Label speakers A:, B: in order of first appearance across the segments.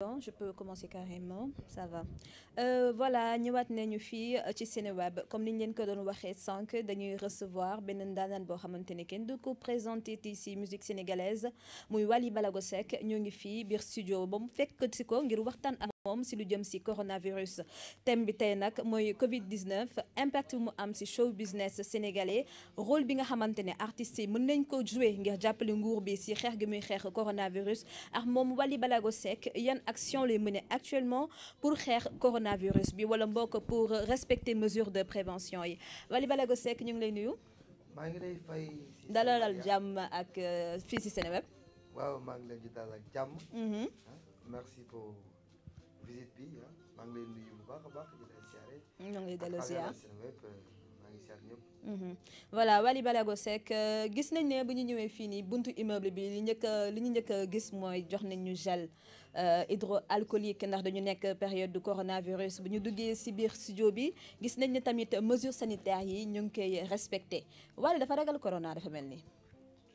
A: bon je peux commencer carrément ça va euh, voilà ñëwaat nañu fii euh, ci Seneweb comme ni ñu leen ko doon waxee sànq dañuy recevoir benn ndaanaan boo xamante ne kenn du ko présenté ci musique sénégalaise muy Wally Balago Seck ñoo ngi fii biir studio ba mu fekk si ko ngir waxtaan moom si lu jëm si coronavirus thème bi tey nag mooy Covid 19 impact mu am si show business sénégalais role bi nga xamante ne artist yi mën nañ ko jouer ngir jàppale nguur bi si xeex gi muy xeex coronavirus ak moom Wally Balago Seck yan action lay mener actuellement pour xeex coronavirus bi wala mbokk pour respecter mesures de prévention yi Wally Balago Seck ñu ngi lay nuyu.
B: maa ngi lay fay.
C: dalalal
A: jàmm ak euh, fii si Seneweb.
C: waaw visite bi ah. maa ngi leen
A: gis nañ ne bu ñu ñëwee fii nii buntu immeuble bi li njëkk li ñu njëkk gis mooy jox nañ ñu gel euh, hydroalcoolique ndax dañu nekk période du coronavirus bu ñu duggee si biir studio bi gis nañ ne tamit mesures sanitaires yi ñu ngi koy respecté Wally dafa ragal corona dafa mel nii.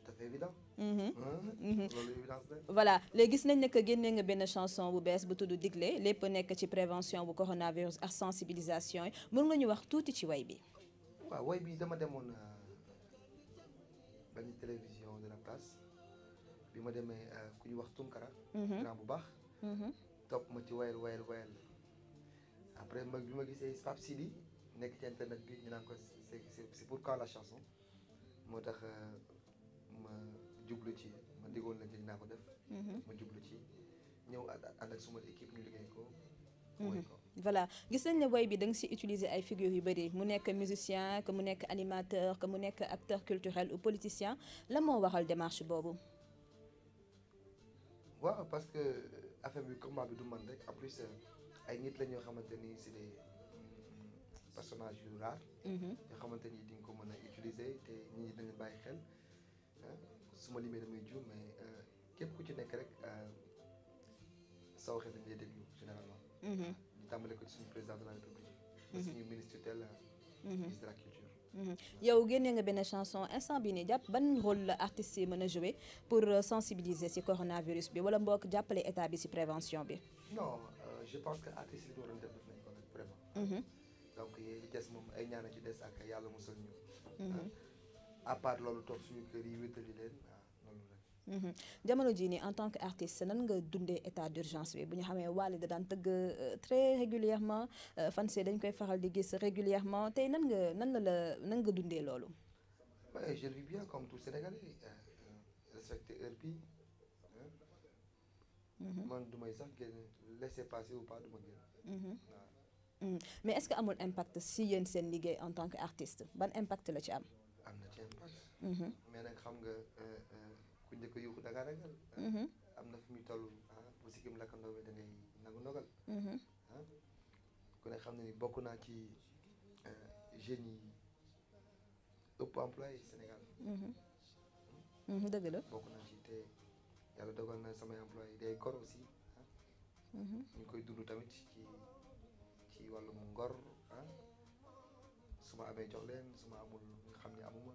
C: dafa évident. Mhm. Mhm. loolu évidence la.
A: voilà nañ ne que génne nga benn chanson bu bees bu tudd digle lépp nekk ci prévention bu coronavirus ak sensibilisation yi mën nga ñu wax tuuti ci way bi.
C: waaw way bi dama demoon euh, benn télévision de la place bi ma demee euh, ku ñu wax Tunkara. Mhm. grand bu baax. topp ma ci wayal wayal wayal après ma bi ma gisee Pape Sidi nekk ci internet bi ñu naan ko c'est c'est pourquoi la chanson moo tax. Euh, ma jublu ci ma digoon la ci naa ko def. Mhm. ma jublu ci ñëw ànd ak suma équipe ñu liggéey ko.
A: Mhm. voilà gis nañ ne woy bi da nga si utiliser ay figures yu bëri mu nekk musicien que mu nekk animateur que mu nekk acteur culturel ou politicien la moo waral démarche boobu.
C: waaw parce que affaire bi combat bi du man rek en plus ay nit la xamante ni c'est des mm, personnages yu rares. Mhm. yoo xamante ni di ko mën a utiliser te nit ñi dañu bàyyi xel. Euh, su ma limee damay juum mais euh, képp ku ci nekk rek euh, saw xel dañ lay déglu généralement.
A: Mm-hmm. Mm-hmm. Mm-hmm. yow génnee nga benn chanson instant bi nii jàpp ban rôle la artistes yi mën a jouer pour sensibiliser ci coronavirus bi wala mbokk jàppale état bi ci prévention bi.
C: non je pense que artistes yi moom ay ñaan ci des ak yàlla musal ñu. Ah. à part loolu toog suñu kër yi wéttali
A: ah, mhm. jamono jii nii en tant que artiste nan nga dundee état d'urgence bi bu ñu xamee Wally da daan tëgg euh, très régulièrement euh, fans dañ koy faral di gis régulièrement tey nan nga nan la nan nga dundee loolu.
C: oui je le vis bien euh, mhm. du may sax génn laisser passer ou pas du ma
A: génn. Mhm. mais est amul impact si yéen seen liggéey en tant que artiste ban impact la ci am.
C: am na ci impact. Mhm. mais nag xam nga euh, euh, ku njëkk a yuuxu da ngaa mhm. ah, am na fu muy toll ah bu si kim lakkandoo bi da ngay nangu nogal. Mhm. Ah, ku ne xam ne ni bokk naa ci euh, jeunes yi ëpp employé Sénégal. Hmm? dëgg la bokk naa ci te yàlla dogal na samay employé day gor aussi ah. ñu koy dund tamit ci ci wàllum ngor ah su ma amee jox leen su ma amul. xam ne amuma.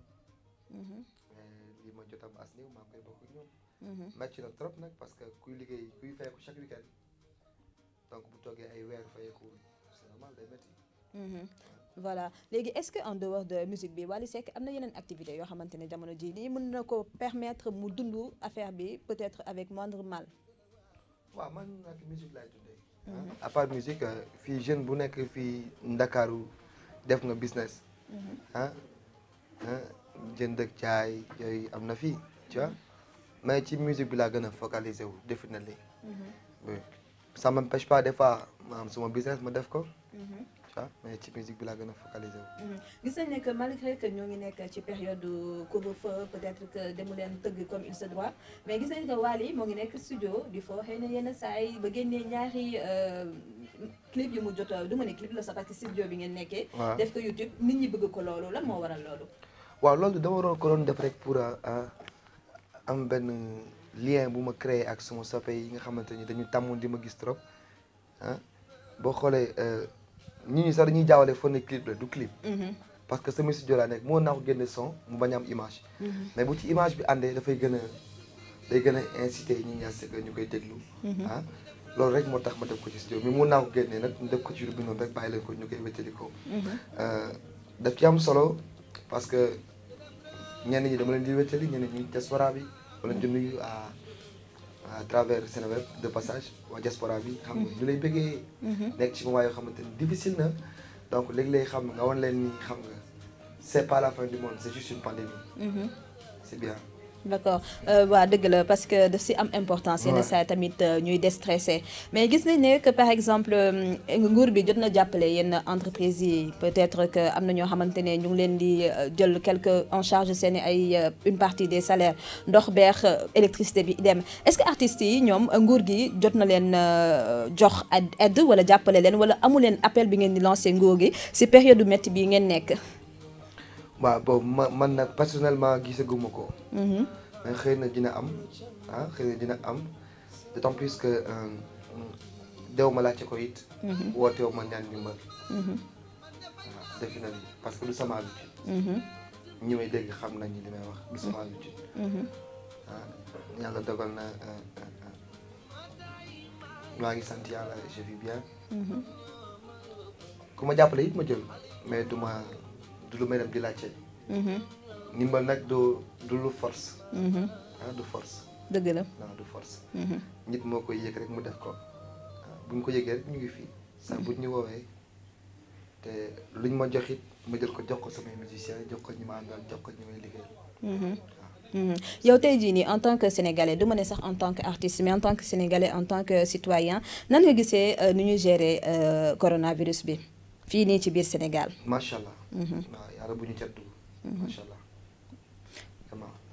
C: mais li ma jot a baas néew maa koy bokk ak ñoom. metti na trop nag parce que kuy liggéey kuy fayeku chaque week-end donc bu toogee ay weer fayeku c'est normal day metti.
A: voilà léegi est-ce que en dehors de musique bi Wally Seck am na yeneen activités yoo xamante ne jamono jii nii mën na ko permettre mu dund affaire bi peut-être avec moindre mal. waaw man nag musique laay dundee.
D: Mm-hmm. Ah,
C: à part musique fii jeune bu nekk fii Ndakaaru def nga business. Mm-hmm. Ah, jënd ak jaay yooyu am na fi tu mais ci musique bi laa gën a focaliser wu na mm-hmm. oui ça m'empêche pas des fois ma am suma business ma def ko ah mais ci musique bi laa gën a focaliser wu.
A: Mm-hmm. gis nañ ne que malgré que ñoo ngi nekk ci période couvre-feu peut-être demu leen tëgg comme il se doit mais gis nañ que Wally moo ngi nekk studio di foo xëy na yenn saa ba génnee ñaari euh, clip yu mu jot du ma ne clip la sax parce studio bi ngeen nekkee. def ko YouTube nit ñi bëgg ko loolu lan moo waral loolu.
C: waaw loolu dama doon ko def rek pour a euh, euh, am benn lien bu ma créé ak suma soppe yi nga xamante ni dañu tàmmoon di ma gis trop boo xoolee euh, ñi ñu sax dañuy jaawale fon ne clip la du clip mm-hmm. parce que sama studio laa moo naa ko génne son mu bañ am image mm-hmm. mais bu ci image bi àndee dafay gën a day gën a incité ñi ñaa ñu koy déglu ah loolu rek moo tax ma def ko ci studio mais mun naa ko génne nag def ko ci lu bi noonu rek bàyyi leen ko ñu koy wéttali ko daf ci am solo parce que ñenn ñi dama leen di wéttali ñenn ñi diaspora bi wala di nuyu à à travers Seneweb de passage waa diaspora bi. xam nga ñu lay bëggee. Mhm. nekk ci moment yoo xamante ni difficile na donc léegi lay xam nga woon leen ni xam nga c'est pas la fin du monde c'est juste une pandémie. Mhm. c'est bien.
A: d' accord euh, waa dëgg la parce que daf si am importance yenn saa tamit euh, ñuy déstressé mais gis nañ ne que par exemple euh, nguur bi jot na jàppale yenn entreprise yi peut-être que am na ñoo xamante ne ñu ngi leen di jël quelque en charge seen ay une partie des salaires ndox beex électricité bi dem est-ce que artistes yi ñoom nguur gi jot na leen jox aide wala jàppale leen wala amu leen appel bi ngeen di lancé nguur gi si période métti bi ngeen nekk
C: waaw boobu ma man nag personnellement gisaguma ko. Mhm. mais xëy na dina am ah, xëy na dina am d'autant plus que euh, dew ma laajte ko it. Mhm. wooteewu ma ñaan ndimbal. Mhm. waaw defi na parce que du sama
D: habitude.
C: ñi may dégg xam nañ li wax du sama habitude. waaw yàlla dogal na euh, euh, maa ngi sant yàlla je vis bien. ku ma jàppale it ma jël mais duma du lu may dem di laajte. Mhm. ndimbal nag du du lu force. Mhm. Ah,
D: dëgg la non mhm.
C: moo koy yëg rek mu def ko ah, bu ñu ko yëgee rek ñu ngi fii
D: saa bu ñu woowee te
C: luñ ma jox it ma jël ko jox ko samay musiciens jox ko ñi ma àndal jox ko ñi may
A: liggéey. Ah. yow tey jii nii en tant que sénégalais du ma ne sax en tant que artiste mais en tant que sénégalais en tant que citoyen nan nga gisee euh, nu ñu gérer euh, coronavirus bi fii nii ci biir Sénégal.
C: macha allah. waaw mm-hmm. yàlla bu ñu cat dugg. Mm-hmm. macha allah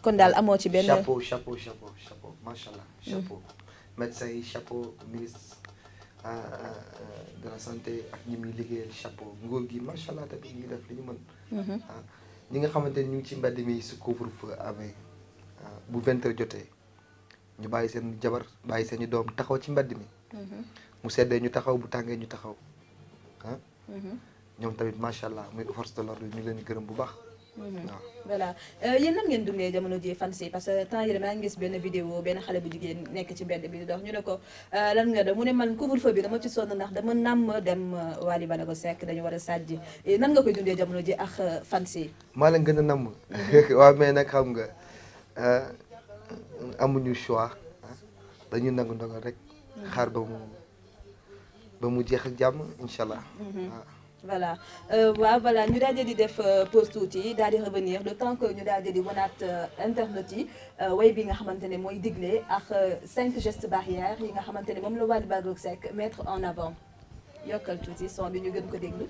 A: kon daal amoo ci benn chapeau
C: chapeau chapeau chapeau macha allah mm-hmm. chapeau. médecin yi chapeau ministre ah, ah, ah, de la santé ak ñi muy liggéeyal chapeau nguur gi macha allah tamit ñu ngi def li ñu ñi nga xamante ni ñu ngi ci mbedd mi su couvre-feu amee bu vingt heures jotee ñu bàyyi seen jabar bàyyi seen i doom taxaw ci mbedd mi. mu seddee ñu taxaw bu tàngee ñu taxaw ñoom tamit macha allah muy force de l'ordre ñu leen di gërëm bu baax.
A: Mhm. waaw voilà euh, yéen nan ngeen dundee jamono ji fan si parce que temps yii maa ngi gis benn vidéo benn xale bu jigéen nekk ci mbedd bi di dox ñu ne ko euh, lan nga mu ne man couvre-feu bi dama ci sonn ndax dama nàmm dem euh, Wally Ballago sekk dañu war a sàjji nan nga koy dundee jamono ji ak fan si.
C: maa leen gën a namm. Mhm. waaw mais nag xam nga amuñu choix ah, dañu nangu ndogal rek. Mhm. xaar ba mu ba mu jeex ak jàmm incha allah.
A: voilà waaw euh, voilà ñu daal di def euh, pause tuuti daal di revenir le temps que ñu daal di wanaat euh, internet yi way bi nga xamante ne mooy digle ak cinq gestes barrières yi nga xamante ne moom la Wally Ballago Seck mettre en avant yokkal tuuti son bi ñu gën ko déglu.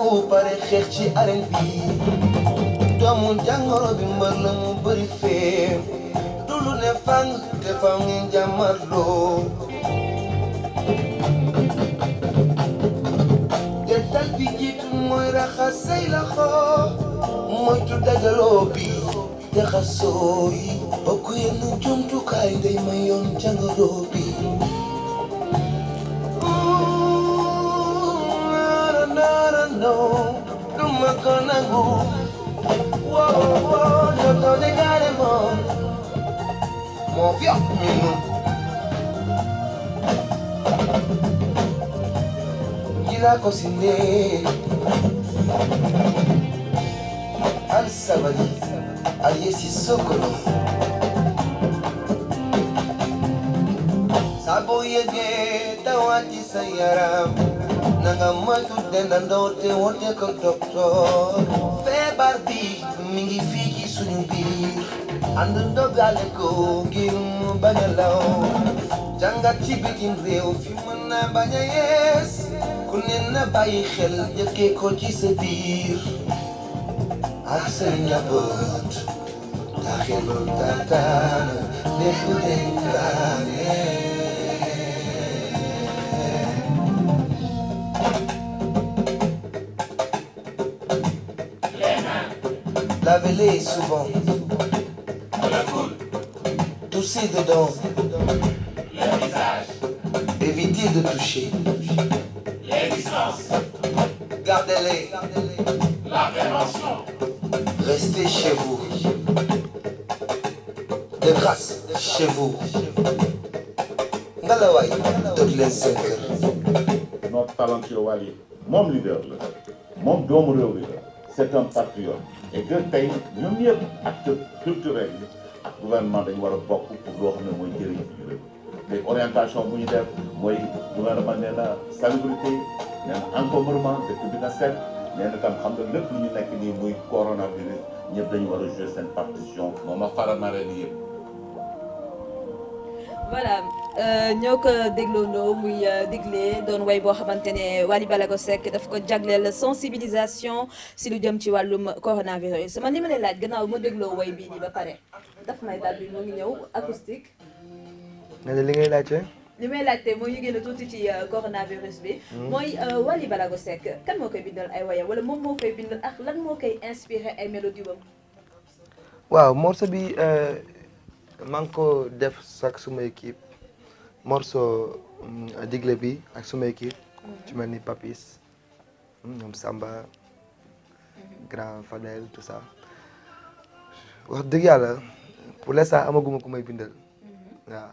B: ko bare xeex ci arène bi doomu jàngoro bi mbër la mu bëri fee du lu ne fang te faw ngeen jàmmarloo jantal bi jiitu mooy raxas say loxo moytu dajaloo bi jaxasoo yi bokk yenn jumtukaay day mayoon jàngoro ma ko nangu wow wow dootoo déggale moo fi ëpp ñun yi laa ko sindee al sabali al yesi sokolo sabo yegee tawati sa na nga moytu dendandoo te wonte ko feebar bi mi ngi fii suñu biir ànd dogale ko mu bañ law jàngat ci bitim réew fi mën na bañ yees ku ne na bàyyi xel jëkkee ko ci sa biir ak sa njaboot taxilul tàntaan lépp Lavez-les souvent. Toussez dedans. Le visage. Évitez de toucher. Les distances. Gardez-les. La prévention. Restez chez vous. De grâce, chez vous. Ngalawaay, toog leen seen kër. talentueux waa yi moom leader la moom doomu réew mi la c'est un patriote
D: et que tey ñun culturel ak gouvernement dañu war a bokk pour muy xam ne mooy orientation bu ñu def mooy gouvernement nee na
C: salubrité nee na encombrement na lépp lu nekk nii muy
D: coronavirus ñëpp dañu war a jouer seen partition moom a faramare ni yëpp
A: voilà Euh, ñoo ko dégloondoo muy euh, déglee doon way boo xamante ne Wally Ballago Seck daf ko jagleel sensibilisation si lu jëm ci wàllum coronavirus man li ma lay laaj gannaaw ma dégloo way bii nii ba pare daf may daal bi mu ngi ñëw acoustique.
C: nga ne li ngay laaj
A: li may laajte mooy ñu génn tuuti ci euh, coronavirus bi. Hmm. mooy Wally Ballago Seck kan moo koy bindal ay wayam wala moom moo koy bindal ak lan moo koy inspiré ay mélodie wam.
B: waaw morceau bi maa ngi ko
C: def sax suma équipe. morceau euh, digle bi ak suma équipe ci mel ni Papis hmm, ñoom Samba grand Fadel tout ça wax dëgg yàlla pour l'instant amaguma ku may bindal
A: mhm. waaw.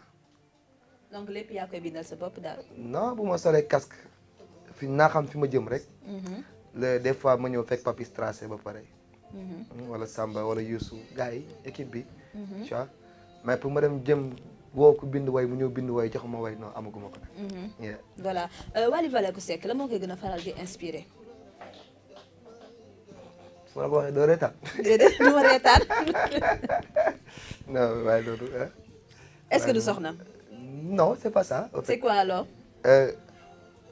A: donc lépp yaa koy bindal sa bopp daal.
C: non bu ma solee casque fi naa xam fi ma jëm rek. Mhm. le des fois ma ñëw fekk Papis tracé ba pare. Mhm. Hmm, wala Samba wala Youssou gars équipe bi. mais pour ma dem jëm. woo ko bind way mu ñëw bind way joxuma way non amaguma ko nag.
A: Mhm. voilà euh, Wally Ballago Seck la moo koy gën a faral di inspiré.
C: su ma la ko waxee c'est pas ça. Euh,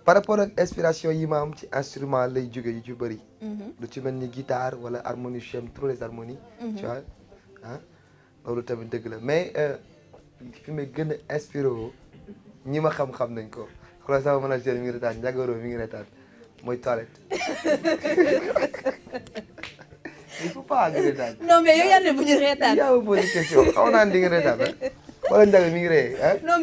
C: par rapport ak inspiration yi ma ci instrument lay jóge yu ci bëri. Mhm. lu ci mel ni guitare wala harmonie j'aime trop les harmonies. tu mhm. loolu tamit dëgg la mais. Euh, fi may gën a inspiré woo ñi ma xam-xam nañ ko xoolal sama manager mi ngi retaan njagoro mi ngi retaan mooy toilette. il faut pas nga retaan.
A: non mais yow yaa ne bu ñu retaan. yaa ma posé
C: question xaw naa di nga retaan wala Ndiaye mi ngi rey ah?
A: non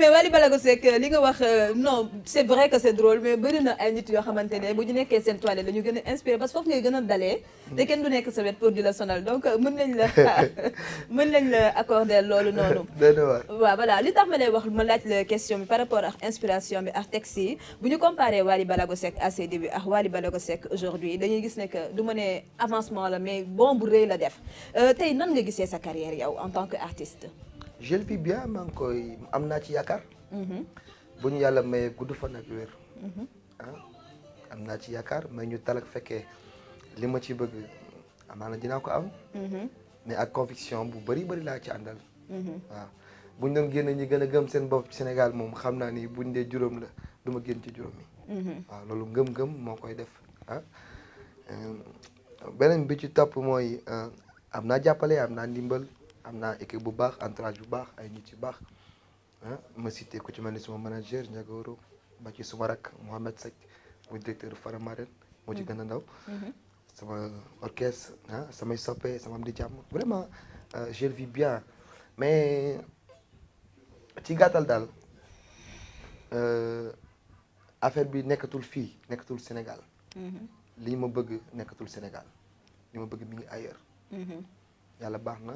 A: li nga wax euh, no c'est vrai que c'est drôle mais bëri na ay nit yoo xamante ne bu ñu nekkee seen toilette la gën a inspiré parce que foofu ngay gën a dalee. te kenn du nekk sa wet pour di la sonal donc euh, mën nañ la mën nañ la accorder loolu noonu. waaw voilà li tax ma lay wax ma laaj la question bi par rapport ak inspiration bi ak texte yi bu ñu comparé Wally Ballago Seck à ses débuts ak Wally Ballago Seck aujourd'hui dañuy gis ne que du ma ne avancement la mais bon bu la def euh, tey nan nga gisee sa carrière yow en tant que artiste.
C: je le vis bien koy am naa ci yaakaar. Mhm. bu ñu yàlla maye gudd fan ak wér. Mhm. Ah, am naa ci yaakaar may ñu talak fekkee li ma ci bëgg amaana dinaa ko am. Mhm. mais ak conviction bu bari bëri laa ci àndal. waaw bu ñu doon génn ñi gën a gëm seen bopp Sénégal moom xam naa ni buñ dee juróom la du ma génn ci juróom waaw loolu ngëm-ngëm moo koy def ah. Euh, beneen bi ci topp mooy euh, am naa jàppale am naa ndimbal. am naa équipe bu baax entourage bu baax ay nit yu baax ah ma cité ku ci mel ni suma manager Ndiagoro ba ci suma rak Mohamed Seck muy directeur Faramaren moo ci gën a ndaw mm-hmm. sama orchestre ah, samay soppe sama am di jàmm vraiment euh, je le vis bien mais ci gàttal daal euh, affaire bi nekkatul fii nekkatul Sénégal mm-hmm. li ma bëgg nekkatul Sénégal li ma bëgg mi ngi ailleurs mm-hmm. baax na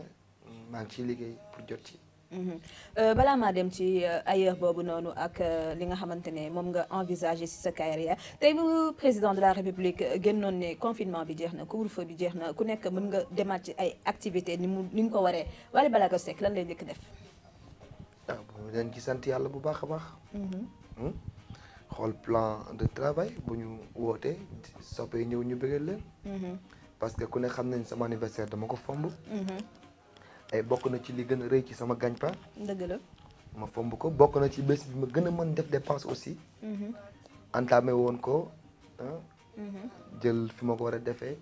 C: maa ngi ciy liggéey pour jot ci.
A: Mhm. Euh, balaa maa dem ci euh, ailleurs boobu noonu ak euh, li nga xamante ne moom nga envisager si sa carrière tey bu président de la république génnoon ne confinement bi jeex na couvre bi jeex na ku nekk mën nga demaat ci ay activités ni mu ni nga ko waree Wally Ballago Seck lan lay njëkk def.
C: waaw ah, bu leen ci sant yàlla bu baax a baax. Mhm. Hmm? xool plan de travail bu ñu wootee soppee ñëw ñu bëggal leen. Mhm. parce que ku ne xam nañ sama anniversaire dama ko fomb. ay bokk na ci li gën a rëy ci sama gagne-pain. ma fomb ko bokk na ci bés bi ma gën a man def dépense aussi. Mhm. entamé woon ko mhm. jël fi ma ko war a defee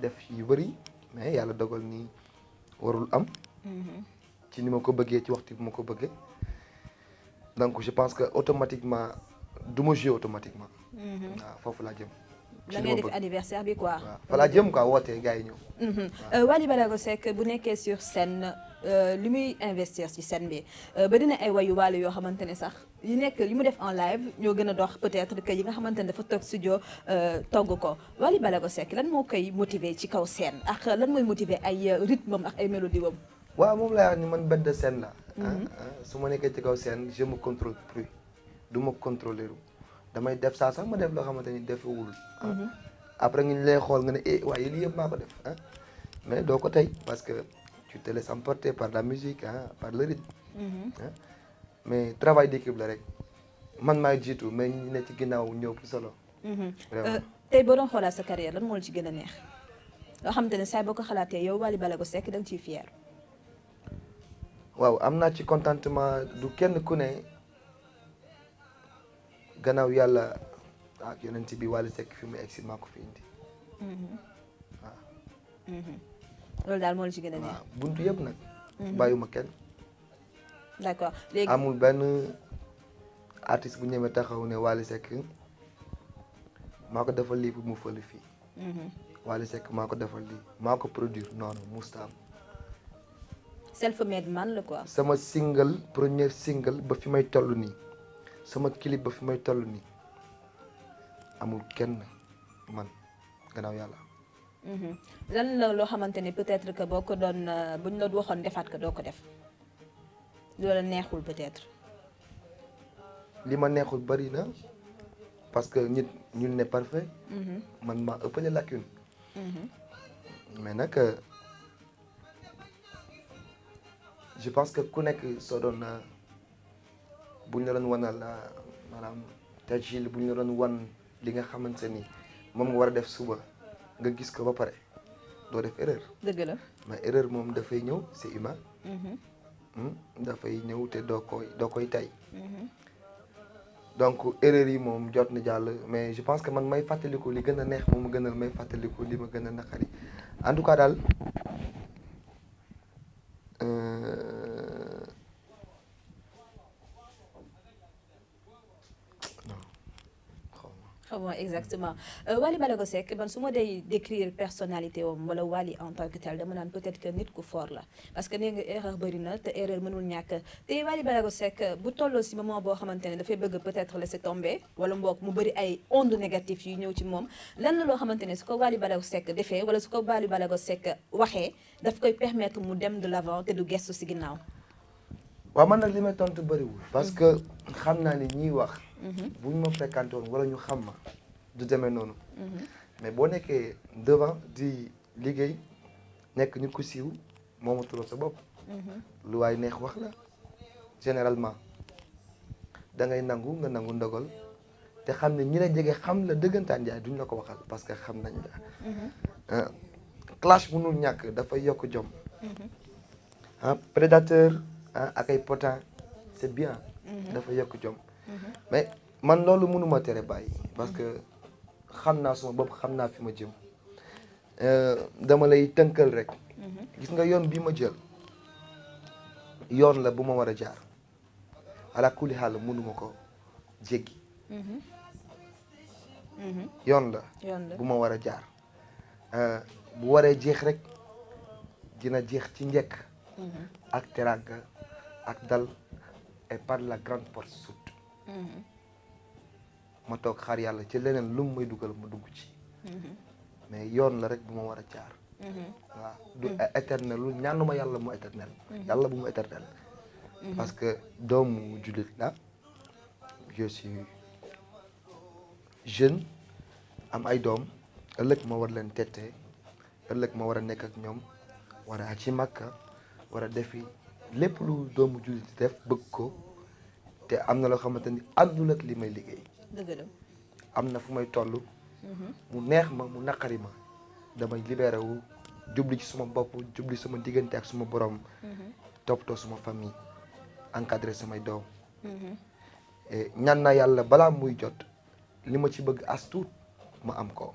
C: def yu bëri mais yàlla dogal ni warul am. Mhm. ci ni ma ko bëggee ci waxtu bi ma ko bëggee donc je pense que automatiquement du ma joué automatiquement.
A: waaw
C: foofu laa jëm. la ngay def
A: anniversaire bi quoi. voilà jëm
C: quoi wootee gars yi mm-hmm.
A: ñëw. Euh, Wally Ballago Seck bu nekkee sur scène euh, li muy investir ci seen bi euh, ba dina ay wayu waale yoo xamante ne sax yi nekk li mu def en live ñoo gën a dox peut-être que yi nga xamante ne dafa toog studio togg ko Wally Ballago Seck lan moo koy motiver ci kaw seen ak lan mooy motiver ay rythme am ak ay mélodie wam
C: waaw moom la wax ni man bête de scène la. Mm-hmm. Ah, ah, su ma nekkee ci kaw seen je me contrôle plus du ma contrôler damay def saa sax ma def loo xamante ni defewul mhm. après ngi lay xool nga ne eh waaye lii yëpp maa ko def ah mais doo ko tey parce que tu te laisses emporter par la musique ah par le rythme mhm. ah. mais travail d'équipe la rek man maay jiitu mais ne ci ginnaaw ñëw ki solo
A: mhm. vraiment euh, tey boo doon xoolaat sa carrière lan moo la ci gën a neex loo xamante ne saa boo ko xalaatee yow Wally Ballago Seck da nga ciy fier
C: waaw am naa ci contentement du kenn ku ne gannaaw yàlla ak yonent bi Wally sekk fi mu egg si maa ko fi indi.
A: waaw. Mm-hmm. Mm-hmm. loolu daal yëpp nag. Mm-hmm. bàyyuma kenn. amul
C: benn artiste bu ñeme taxaw ne Wally Seck maa ko defal lii pour mu fël fii. Wally Seck maa ko defal lii maa ko produire noonu mustaam
A: self sama
C: single première single ba fi may toll nii. sama clip ba fi may toll nii amul kenn man gannaaw yàlla.
A: Mhm. lan la loo xamante ni peut boo ko doon euh, bu ñu la waxoon defaat ko doo ko def loola neexul peut
C: li ma neexul bari na parce que nit ñun ne parfait. Mhm. man maa ëppale lacune. Mhm. mais nag euh, je pense que ku nekk soo doon. Euh, bu ñu la doon wanal ah, maanaam tajil bu ñu la doon wan li nga xamante ni moom nga war a def suba nga gis ko ba pare doo def erreur. ma la moom dafay ñëw si humain. Mm-hmm. Hmm? dafay ñëw te doo koy doo koy tay. Mm-hmm. donc erreur yi moom jot na jàll mais je pense que man may fàttaliku li gën a neex moom gënal may fàttaliku li ma gën a naqari en tout daal.
A: savons exactement euh, Wally Ballago Seck man su ma dee décrire personnalité wam wala Wally en tant que tel dama naan peut-être que nit ku fort la parce que nee nga erreur bëri na te erreur mënul ñàkk te Wally Ballago Seck bu tolloo si moment boo xamante ne dafay bëgg peut-être laisser tomber wala mboog mu bëri ay ondes négatives yu ñëw ci moom lan na loo xamante ne su ko Wally Ballago Seck defee wala su ko Wally Ballago Seck waxee daf koy permettre mu dem de l'avant te du gestu si ginnaaw
C: waaw man nag li may tontu bariwul mm-hmm. parce que xam naa ni ñiy wax. Mm-hmm. buñ ma fréquenté woon ñu xam ma du demee noonu. Mm-hmm. mais boo nekkee devant di liggéey nekk nit ku siiw moomu turam sa bopp. lu waay neex wax la généralement da ngay nangu nga nangu ndogal te xam ne ñi la jege xam la dëggantaan jaay duñ la ko waxal parce que xam nañ la. Ah, clash mënul ñàkk dafay yokk jom. Ah, prédateur. ah ak ay potin c'est bien. Mhm. dafa yokk jom. Mhm. mais man loolu mënuma tere bàyyi parce que xam naa suma bopp xam naa fi ma jëm euh, dama lay tënkal rek. Mhm. gis nga yoon bi ma jël yoon la bu ma war a jaar ala kulli xaal mënuma ko jéggi.
D: yoon la. bu ma war
C: a jaar. Euh, bu waree jeex rek dina jeex ci njëkk. ak teraanga. ak dal et par la grande porte sud mm-hmm. ma toog xaar yàlla ci leneen lu mu may dugal ma dugg ci mm-hmm. mais yoon la rek bu ma war a jaar mm-hmm. waaw du éternel ñaanuma yàlla mu éternel yàlla bu mu éternel parce que doomu jullit la je jeune am ay doom ëllëg ma war leen tette ëllëg ma war a nekk ak ñoom war a aji Makka war a defi lépp lu doomu jullit di def bëgg ko te am na loo xamante ni àndul ak li may liggéey. am na fu may toll. Mhm. mu neex ma mu naqari ma damay libéré jubli ci suma bopp jubli suma diggante ak suma borom. Mhm. toppatoo suma famille encadré samay doom. Mhm. E, ñaan na yàlla balaa muy jot li ma ci bëgg as tuut ma am ko.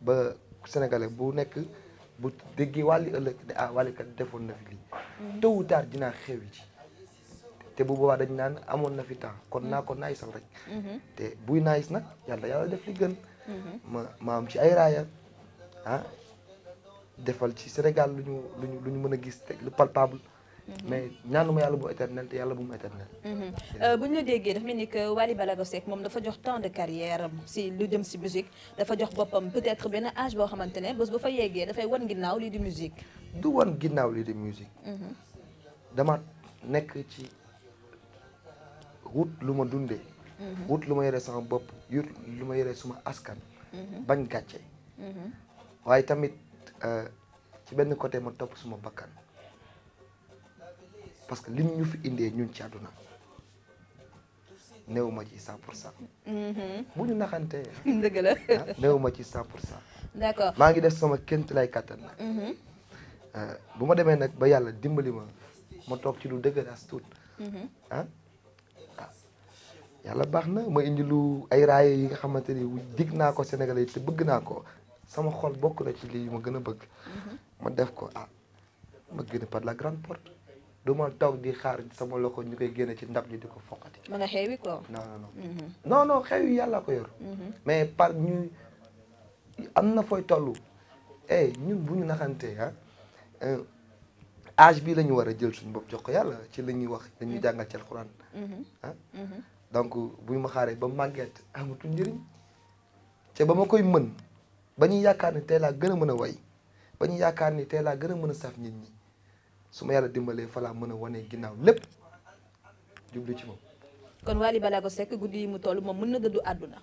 C: ba sénégalais bu nekk. bu déggee wàlli ëllëg ah wàlli kat defoon na fi lii
D: mm-hmm. tôt ou
C: tard dinaa xewi ci te bu boobaa dañ naan amoon na fi temps kon naa ko mm-hmm. naayisal rek mm-hmm. te buy naayis nag yàlla yàlla def li gën ma ma am ci ay raaya ah, defal ci Sénégal lu ñu lu ñu mën a gis lu palpable Mhm. mais ñaanuma yàlla bu éternel te yàlla bu mu éternel.
A: Mhm. Euh, bu ñu la déggee dafa mel ni que Wally Ballago Seck moom dafa jox temps de carrière si lu jëm si musique dafa jox boppam peut-être benn âge boo xamante ne bés ba fa yeggee dafay wan ginnaaw lii di musique.
C: du wan ginnaaw lii di musique. Mhm. dama nekk ci wut lu ma dundee. wut lu ma yore sama bopp wut lu ma yore suma askan. bañ gàcce. waaye tamit euh, ci benn côté ma topp suma bakkan. parce que lim ñu fi indee ñun ci àdduna néew ma ci 100 pour cent. Mm-hmm. bu ah, ma ci 100 pour cent. maa ngi def sama kéem lay kattan la. Mm-hmm. Euh, bu ma demee nag ba yàlla dimbali ma ma toog ci lu dëgg as tuut. Mm-hmm. Ah, ah yàlla baax na ma indi lu ay raaya yi nga xamante ni dig naa ko Sénégalais te bëgg naa ko sama xol bokk na ci lii ma gën a bëgg. ma def ko ah ma génn par la grande porte. du ma di xaar sama loxo ñu koy génne ci ndab yi di ko foqati.
A: ma nga xewi quoi.
C: non non non mhm. non yàlla ko yor. Mhm. mais par ñu am na fooy toll. eh ñun bu ñu naxantee ah euh, âge bi la war a jël suñ bopp jox ko yàlla ci la ñuy wax dañuy mhm. jàngal ci alxuraan. Ah? donc bu ñu ma xaaree ba màgget amatul njëriñ te ba ma koy mën ba ñuy yaakaar ni tey laa gën a mën a way ba ñuy yaakaar ni tey laa gën a mën a saf nit ñi. su ma yàlla dimbalee falaa mën a wane ginnaaw lépp jublu ci moom.
A: kon Wally Ballago Seck guddi yi mu toll moom mën na dëddu àdduna.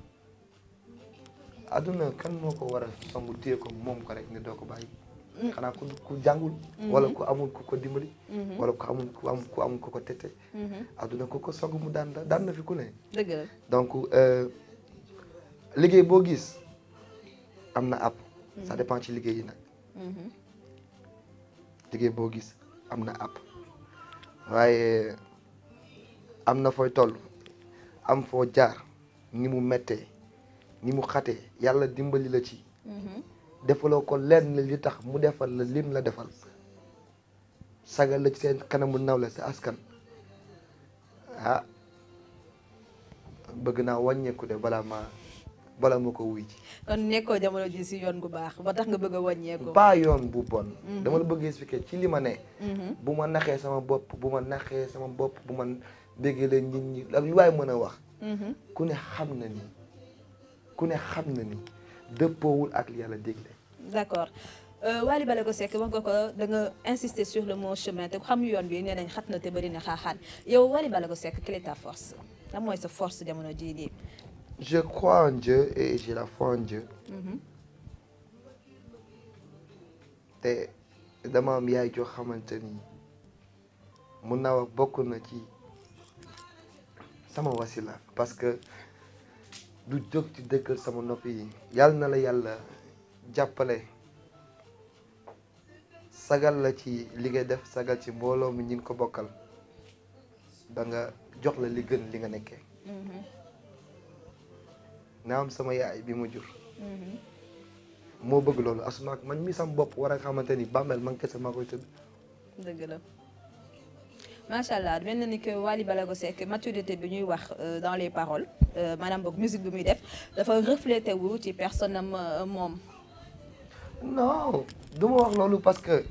C: kan moo ko war a songu téye ko moom ko rek ne doo ko bàyyi. Mm. xanaa ku jàngul. Mm-hmm. wala ku amul ku ko dimbali. Mm-hmm. wala ku amul ku am ku amul ko
D: mm-hmm.
C: ko song mu daan na fi ku ne. dëgg donc euh, liggéey boo gis am na app. ça dépend ci liggéey yi nag. liggéey boo gis. am na app waaye am na fooy toll am foo jaar ni mu mettee ni mu xatee yàlla dimbali la ci mm-hmm. defaloo ko lenn li tax mu defal la lim la defal sagal la ci seen kanamu nawle sa askan ah bëgg naa wàññeeku de balaa ma bala ma ko wuy ji
A: kon nekkoo jamono ji si yoon bu baax ba tax nga bëgg a wàññeeku pas
C: yoon bu bon mhm. dama la bëgg expliquer ci li ma ne mhm. bu ma naxee sama bopp bu ma naxee sama bopp bu ma déggee leen nit ñi ak lu waay mën a wax mhm. ku ne xam na ni ku ne xam na ni dëppoowul ak li yàlla dégle
A: d'accord euh, Wally Ballago Seck wax nga ko da nga insister sur le mot chemin te xam yoon bi nee nañ xat na te bëri na xaaxaan yow Wally Ballago Seck quelle est ta force lan mooy sa force jamono jii nii
C: je crois en et j'ai la foi en
A: mm-hmm.
C: te dama am yaay joo xamante ni mun naa wax bokk na ci sama wasila parce que du jóg ci dëkkal sama nopp yi yàlla na la yàlla jàppale sagal la ci li ngay def sagal ci mbooloo mi ngi ko bokkal ba nga jox la li gën li nga nekkee mm-hmm. naam sama yaay bi ma jur mhm. moo bëgg loolu asuma man mi sam bopp war a xamante ni bàmmeel man kese maa koy tëdd
A: dëgg la macha allah benn na ni que Wally ko Seck maturité bi ñuy wax euh, dans les paroles euh, maanaam boog musique bi muy def dafa reflété wu ci personne euh, moom
B: non
C: du wax loolu parce que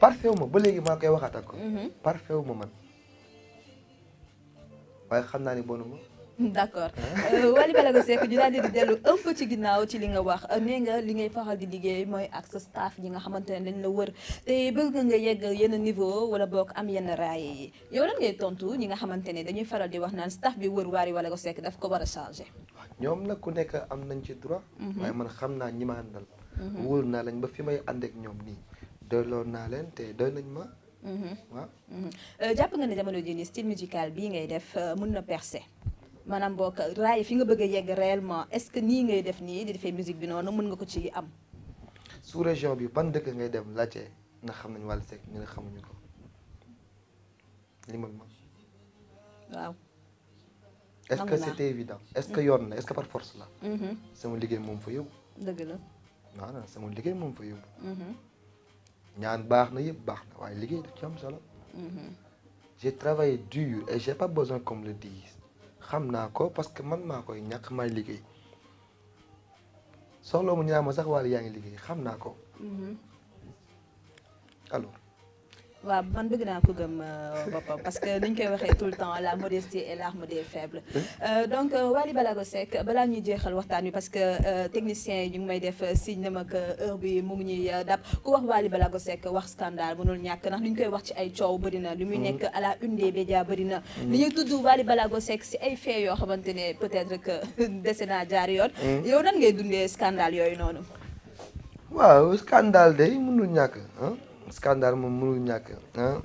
C: parfait wu ba léegi maa koy waxaat ak ko mhm. parfait ma man waaye xam naa ni bonu
A: d'accord euh, Waly Ballago Seck ñu daal di dellu un ci ginnaaw ci li nga wax euh, nee nga li ngay faral di liggéey mooy ak sa staff yi nga xamante ne lañ la wër te bëgg nga yegg yenn niveau wala bokk am yenn raaye yi yow lan ngay tontu ñi nga xamante ne dañuy faral di wax naan staff bi wër Waly Ballago Seck daf ko war a changer.
C: ñoom nag ku nekk am nañ ci droit. Mhm. waaye man xam naa ñi ma àndal. Mhm. wóor naa lañ ba fi may ànd ak ñoom nii doyloo naa leen te doy ma. Mhm. waaw.
A: Euh, nga ne jamono jii nii bii ngay def mun na percer. maanaam boo ko raaye fi nga bëgg a yegg réellement est-ce que nii ngay def nii di defee musique bi noonu mën nga ko ci am.
C: sous région bi ban dëkk ngay dem laajte nga xam nañu Wally Seck ñu ne xamuñu ko li ma
A: waaw. est-ce que c'était
C: évident est-ce que mm. yoon la est-ce que par force la. Mm-hmm. sama liggéey moom fa yóbbu. dëgg la. waaw sama liggéey moom fa yóbbu. Mm-hmm. ñaan baax na yëpp baax na waaye liggéey daf ci am solo. Mm-hmm. j'ai travaillé dur et j'ai pas besoin qu'on le dise. xam naa ko parce que man maa koy ñàkk may liggéey soxla mu ñu naan ma sax Wally yaa ngi liggéey xam naa ko
A: mm-hmm. waaw man bëgg naa ko gëm euh, boppam parce que ni ñu koy waxee tout le temps la modestie est l'arme des faibles euh, donc euh, Wally Ballago Seck balaa ñuy jeexal waxtaan wi parce que technicien yi ñu ngi may def signe na ma heure bi mu ngi ñuy dab ku wax Wally Ballago Seck wax scandale mënul ñàkk ndax li ñu koy wax ci ay coow bëri na li muy mm-hmm. nekk à la une des médias na mm-hmm. li ñuy tudd Wally Ballago Seck si ay fee yoo xamante ne peut-être que dese naa jaar yoon mm-hmm. yow nan ngay dundee scandale yooyu noonu
C: waaw scandale scandale moom mënul ñàkk ah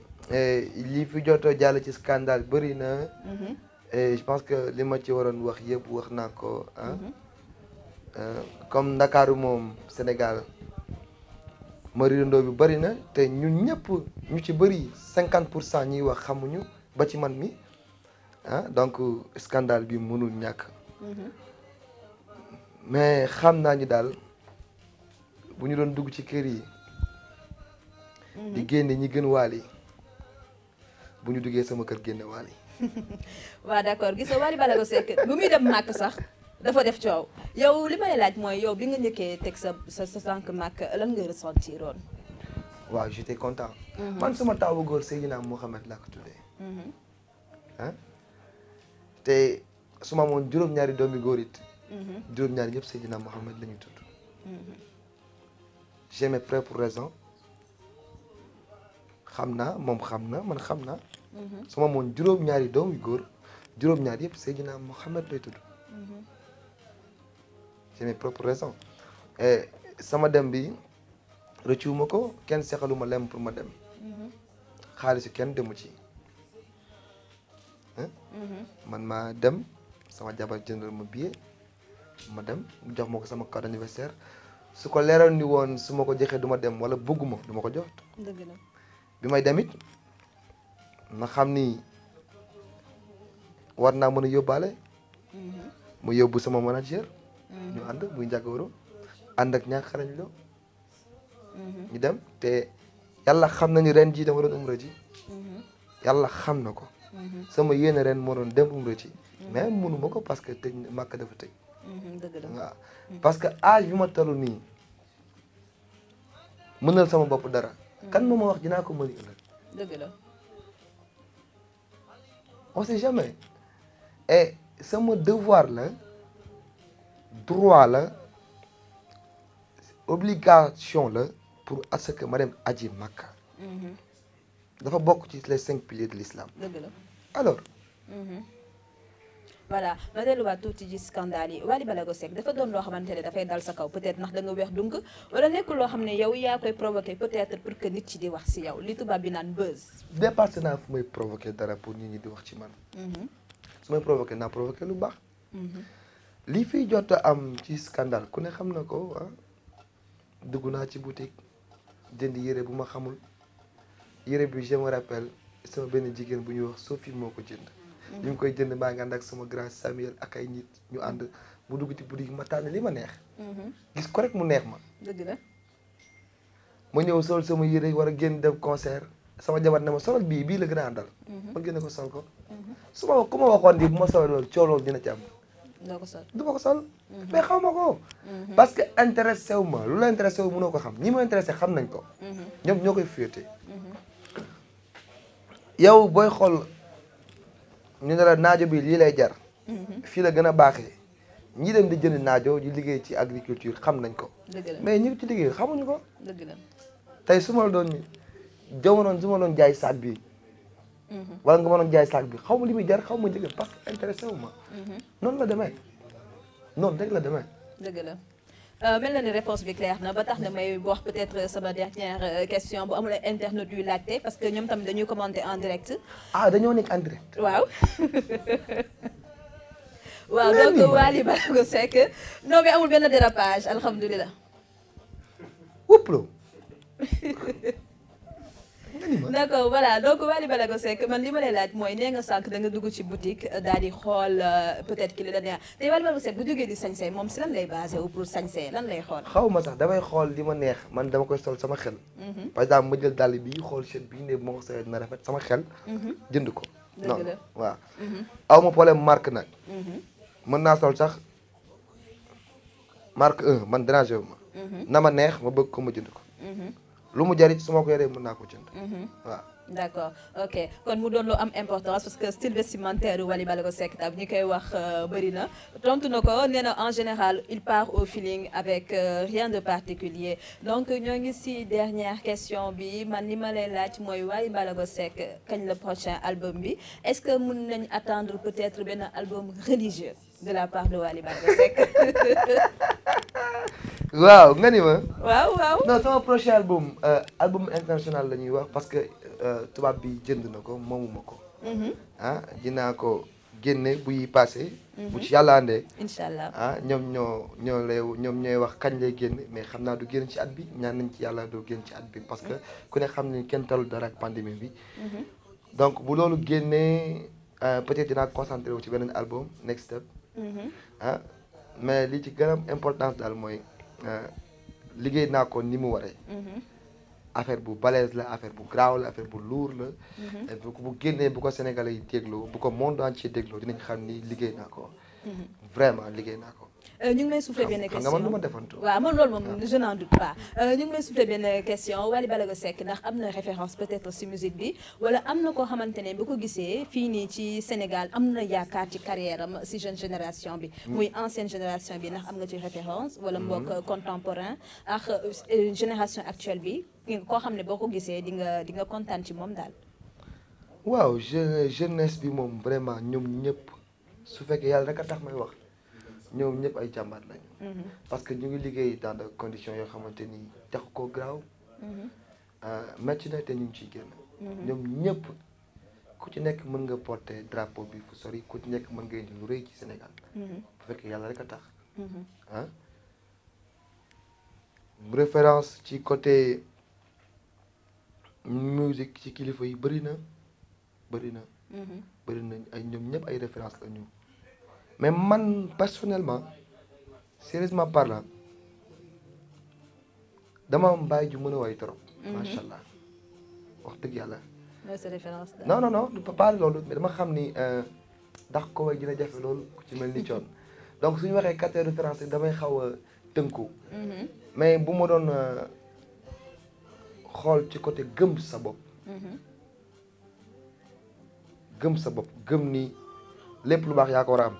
C: lii fi jotoo jàll ci scandale bëri na. Mhm. je pense que li ma ci waroon wax yëpp wax naa ko ah. Mhm. Euh, comme Ndakaaru moom Sénégal mariirandoo bi bëri na te ñun ñëpp ñu ci bëri cinquante pour cent ñiy wax xamuñu ba ci man mi ah donc scandale bi mënul ñàkk. Mhm. mais xam naa ni daal bu ñu doon dugg ci kër yi. di génne ñi gën waali bu ñu duggee sama kër génne waali
A: waaw d'accord gis nga Wally Ballago Seck bu muy dem màkk sax dafa def coow yow li may laaj mooy yow bi nga njëkkee teg sa sa sa tànk màkk lan nga ressentir woon
C: waaw j'étais content mhm. man sama taawu góor Seydina Mouhamed laa ko tuddee mhm. ma amoon juróom-ñaari doomi góor it mhm. juróom-ñaari ñëpp Seydina Mouhamed la ñu xam naa moom xam na man xam naa. Mhm. su ma moon juróom-ñaari doom yu góor juróom-ñaari yëpp Seydina Mohamed lay tudd. Mhm. c'est mes propres raisons et sama dem bi rëccuwuma ko kenn sexalu ma lem pour ma dem. Mhm. xaalis yu kenn demu ci. man maa dem sama jabar jëndal ma billet ma dem jox ma ko sama carte d'anniversaire su ko leeral ni woon su ma ko joxee duma dem wala bëgguma du ma ko jox. bi may demit na xam ni war naa mën a yóbbaale
D: mm-hmm.
C: mu yóbbu sama manager
D: mm-hmm. ñu ànd muy
C: njàgg waro ànd ak ñaar xarañ
D: mm-hmm. ñu
C: dem te yàlla xam nañu ren jii dama doon umra ji yàlla xam na ko sama yéene ren moroon doon dem umra ji mais mënu ko parce que te màkk dafa tëj parce que âge bi ma talu nii mënal sama bopp dara kan moom moo wax dinaa ko mëni ëllëg dëgg la on sait jamais et sama devoir la droit la obligation la pour à ce que ma dem aji Makka mhm. dafa bokk ci les cinq piliers de l'islam
A: voilà ma delluwaat tuuti ci scandale yi Wally Ballago Seck dafa doon loo xamante ne dafay dal sa kaw peut-être ndax da nga weex dunk wala nekk loo xam ne yow yaa koy provoqué peut-être pour que nit ci di wax si yow li tubaab bi naan buzz.
C: dépassé naa fu may provoqué dara pour ñi di wax ci man. Mhm. su may provoqué naa provoqué lu baax. Mhm. li fi jot a am ci scandale ku ne xam na ko ah dugg naa ci boutique jënd yére bu ma xamul yére bi je me rappelle sama benn jigéen bu ñu wax Sophie moo ko jënd. ñu ngi koy jënd maa ngi ànd ak grand Samuel ak ay nit ñu ànd mu dugg ci boutique ma tànn li ma neex. Mhm. gis ko rek mu neex ma. dëgg la. ma ñëw sol sama yére war a génn dem concert sama jabar ne ma solal bii bii la gën a àndal. Mhm. ma génne ko sol ko. Mhm. su ku ma waxoon di bu ma solee loolu coow loolu dina ci am.
B: doo du ma ko sol. mais xaw ma ko. parce que
C: intéressé wu ma lu la intéressé wu mënoo ko xam ñi ma intéressé xam nañ ko. ñoom ñoo koy féete. yow booy xool. ñu ne la naajo bi lii lay jar mhm. fii la gën a baaxe ñi dem di jënd naajo di liggéey ci agriculture xam nañ ko mais ñi ci liggéey xamuñu ko dëgg la tey su ma doon jamonoon su ma doon jaay saag bi mhm. wala nga ma doon jaay saag bi xaw ma li muy jar xaw ma njëgam parce que intéressé wu ma mhm. noonu la demee noonu rek la demee
A: Euh, mel na ni réponse bi claire na ba tax na may wax peut-être sama dernière euh, question bu amul internet yu laajte parce que ñoom tamit dañuy commenter en direct. ah
B: dañoo nekk en direct.
A: waaw. waaw donc Wally Ballago Seck non mais amul benn dérapage alhamdulilah. wópp d'accord voilà donc Wally Ballago Seck man li ma lay laaj mooy nee nga sànq da nga dugg ci boutique euh, daal di xool euh, peut-être ki la dana tey Wally Ballago Seck bu jógee di sañse moom si lan lay basé wu pour sañse lan lay xool xaw ma sax
C: damay xool li ma neex man dama koy sol sama xel mhm. par exemple ma jël bi xool chaîne bi ne moo sa na rafet sama xel mhm. jënd ko non waaw mhm. aw ma problème marque nag mën naa sol sax marque 1 man dérangé wu ma na ma neex ma bëgg ko lu mu jariñ su ma ko yoree mën naa ko jënd mhm. waaw
A: d' kon mu doon lu am importance parce que style vestimentaire Wally Ballago Seck tam ñi koy wax euh, bëri na tontu na ko nee na en général il part au feeling avec euh, rien de particulier donc ñoo ngi si dernière question bi man li ma lay laaj mooy Wally Ballago Seck kañ la prochain album bi est ce que mën nañ attendre peut être benn album religieux de la part de Wally Ballago
C: waaw nga ni ma.
A: waaw waaw. non sama prochain
C: album euh, album international la ñuy wax parce que euh, tubaab bi jënd na ko moomuma ko. Mhm. ah dinaa ko génne buy passé. Mhm. bu ci yàlla andee.
A: incha allah ah
C: ñoom ñoo ñoo lay ñoom ñooy wax kañ lay génn mais xam naa du génn ci at bi ñaan nañ ci yàlla du génn ci at bi parce que mhm. ku ne xam ni kenn talul dara ak pandémie bi. donc bu loolu génnee euh, peut-être dinaa concentré ci beneen album next step. ah mais li ci gën importance daal mooy. liggéey naa ko ni mu waree. Mhm. affaire bu balèze la affaire bu graw la affaire bu lourd la. Mhm. bu ko bu génnee bu ko Sénégalais yi bu ko monde entier dégloo dinañ xam ni liggéey naa ko. Mhm. vraiment liggéey naa ko.
A: Euh, ñu ngi may soufflé benn ah, question xam nga ma defantu waaw man loolu moom je n'en doute pas euh, ñu ngi may soufflé benn question Wally Ballago Seck ndax am na référence peut-être si musique bi wala am na koo xamante ne boo ko gisee fii nii ci Sénégal am na yaakaar ci carrière am si jeune génération bi mm. muy ancienne génération bi ndax am nga ci référence wala mm. mbokk contemporain ak euh, génération actuelle bi koo xam ne boo ko gisee di nga di nga kontaan ci moom daal
C: waaw jeunesse bi moom vraiment ñoom ñëpp su fekkee yàlla rek tax may wax ñoom ñëpp ay càmbaat lañu. Mm-hmm. parce que ñu ngi liggéey dans des conditions yoo xamante ni tax ko garaaw. métti mm-hmm. euh, na te ñu ngi ciy génn.
D: Mm-hmm. ñoom ñëpp
C: ku ci nekk mën nga porter drapeau bi fu sori ku ci nekk mën nga lu rëy ci Sénégal. bu fekkee yàlla rek a tax. référence ci côté musique ci kilifa yi bëri na bëri na. bëri na ay ñoom ñëpp ay référence lañu. mais man personnellement sérieusement parlant dama am bàyyi ju mën a way trop. Mhm. macha allah wax dëgg yàlla.
A: référence non non non
C: pas loolu mais dama xam ni euh, ndax ko way dina jafe loolu ku ci mel ni coon donc suñu waxee quatre références damay xaw a tënku. Mhm. mais bu ma doon euh, xool ci côté gëm sa bopp. Mhm. gëm sa bopp gëm ni lépp lu baax yaa ko war a am.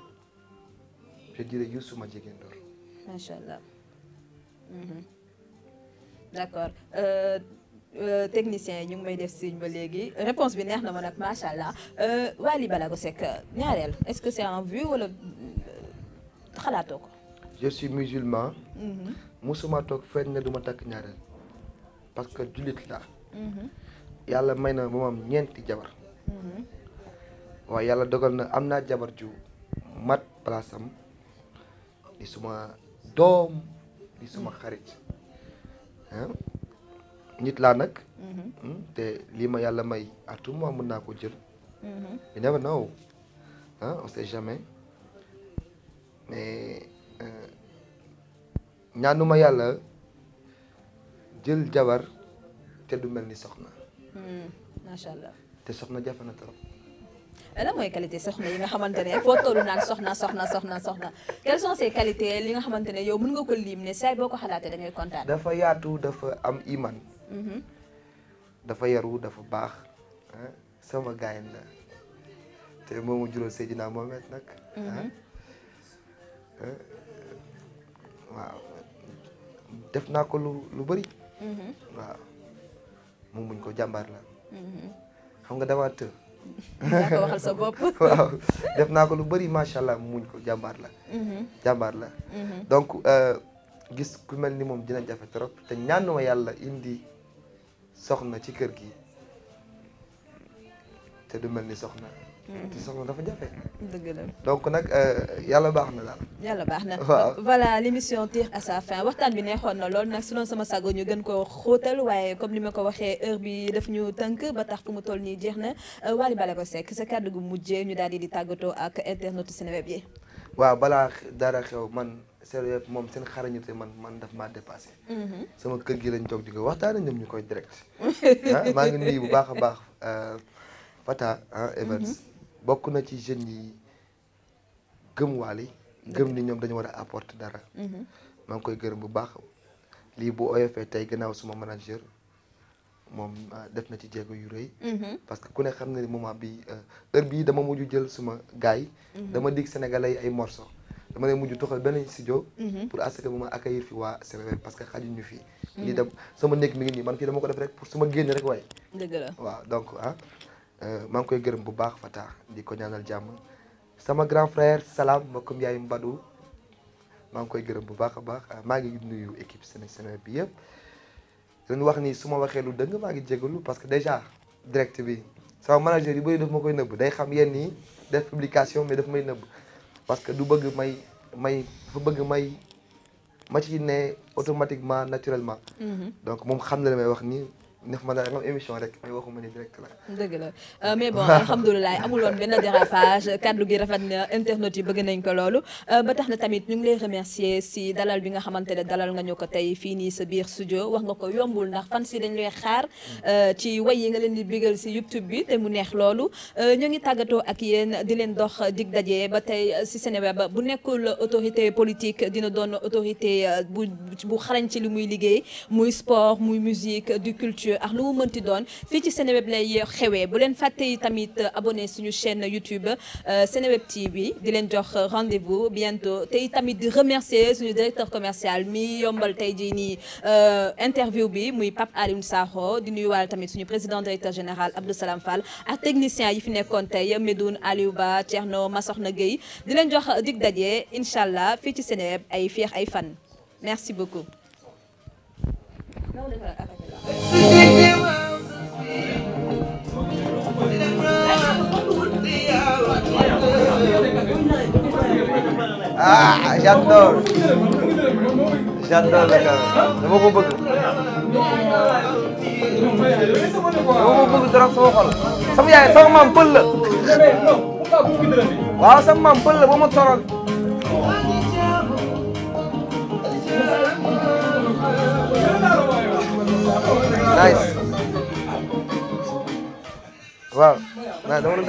C: je dirais Youssouma Jigéen Ndoor.
A: macha allah mhm. d' accord euh, euh, technicien yi ñu ngi may def signe ba léegi réponse bi neex na ma nag macha allah euh, Wally Balago Seck ñaareel est ce que c' est en vue wala xalaatoo ko.
C: je suis musulman. Mhm. toog fenn na du ma takk ñaareel. parce que jullit laa. Mhm. yàlla may na moom ñeenti jabar. waaye yàlla dogal na am naa jabar ju mat palaasam. di suma doom di suma mm. xarit nit laa nag
D: mm-hmm. hmm?
C: te lii ma yàlla may à tout moment mën naa ko jël mm-hmm. you never know ah on sait jamais mais euh, ñaanuma yàlla jël jabar te du mel ni soxna
A: mm. macha
C: te soxna jafe na trop
A: lan mooy qualité soxna yi nga xamante ne foo tollu naan soxna soxna soxna soxna quelles sont ces qualités li nga xamante ne yow mun nga ko lim ne saay boo ko xalaatee da ngay
C: dafa yaatu dafa am iman. Mm-hmm. dafa yaru dafa baax sama gaañ la te moomu juróom Seydina Mohamed nag. Mm-hmm. waaw def naa ko lu bari bëri. Mm-hmm. waaw moom muñ ko jàmbaar la. xam nga damaa sa bopp. def naa ko lu bari macha allah muñ ko jàmbaar la. Mm-hmm. jàmbaar la. Mm-hmm. donc euh, gis ku mel ni moom dina jafe trop te ñaan ma yàlla indi soxna ci kër gi te du mel ni soxna. Hmm. te soxna dafa jafe. dëgg la donc nag euh, yàlla baax na daal.
A: yàlla baax na waaw voilà l' émission tire à sa fin waxtaan bi neexoon na lool nag su doon sama sago ñu gën koo xóotal waaye comme ni ma ko waxee heure bi daf ñu tënk ba tax fu mu toll nii jeex na euh, Wally Ballago Seck sa kàddu gu mujjee ñu daal di di tàggatoo ak internet Seneweb yi.
C: waaw balaa dara xew man Seneweb moom seen xarañute man man daf ma dépassé. Mm-hmm. sama kër gi lañ toog di ko waxtaanee ñoom ñu koy direct.
D: Ah, maa ngi nuyu bu baax a baax
C: euh, Fata ah Evans. Mm-hmm. bokk na ci jeunes yi gëm waali gëm ni ñoom dañu war a apporter dara mhm. maa ngi koy gërëm bu baax lii bu oyofee tey gannaaw suma manager moom ah, def na ci jéego yu rëy mhm. parce que ku ne xam na ni moment bi euh, heure bii dama mujj jël suma gaay mhm. dama dig sénégalais yi ay morceau dama lay mujj toxal benn studio pour assurer bu ma accueillir fi waa Sénégal parce que xajuñu fi lii dem sama néeg mi man fii dama ko def rek pour su ma génn rek waaye donc ah Euh, maa ngi koy gërëm bu baax fa Fata di ko ñaanal jàmm sama grand frère Salam mbokkum yaay Mbadou maa ngi koy gërëm bu baax a baax euh, maa ngi nuyu équipe Sénégal bi yëpp dañu wax ni su ma waxee lu dëng maa parce que déjà direct bi sama manager yi bëri daf ma koy nëbb day xam yenn yi def publication mais daf may nëbb parce que du bëgg may may dafa bëgg may ma ci ne automatiquement naturellement mm-hmm. donc moom xam na li may wax nii neef ma daal moom émission rek mais waxuma ni direct la.
A: dëgg la euh, mais bon alhamdulilah amuloon benn dérapage kaddu gi rafet na internet yi bëgg nañ ko loolu euh, ba tax na tamit ñu ngi lay remercier si dalal bi nga xamante ne dalal nga ñu ko tey fii nii sa biir studio wax nga ko yombul ndax fan si dañ lay xaar euh, ci way yi nga leen di bigal si YouTube bi te mu neex loolu ñoo ngi tàggatoo ak yéen di leen dox dig daje ba tey si ba bu nekkul autorité politique dina doon autorité bu bu xarañ ci li muy liggéey muy sport muy musique lieu ak lu mu mënti doon fii ci Seneweb lay xewee bu leen fàtte yi tamit abonné suñu chaîne YouTube euh, Seneweb TV di leen jox rendez-vous bientôt tey tamit di remercier suñu directeur commercial mi yombal tey jii nii euh, interview bi muy Pape Alioune Sakho di nuy nuyuwaale tamit suñu président directeur général Abdou Salam Fall ak technicien yi fi nekkoon tey Medoune Aliou Ba Thierno Massokhna Gueye di leen jox dig daje incha allah fii ci Seneweb ay fiix ay fan merci beaucoup.
B: ah j'adore j'adore Dakar dama ko bëgg dama ko bëgg trop sama xol sama yaay sama maam pël la waaw sama maam pël la ba ma toral
D: nice
C: waaw waaw dama doon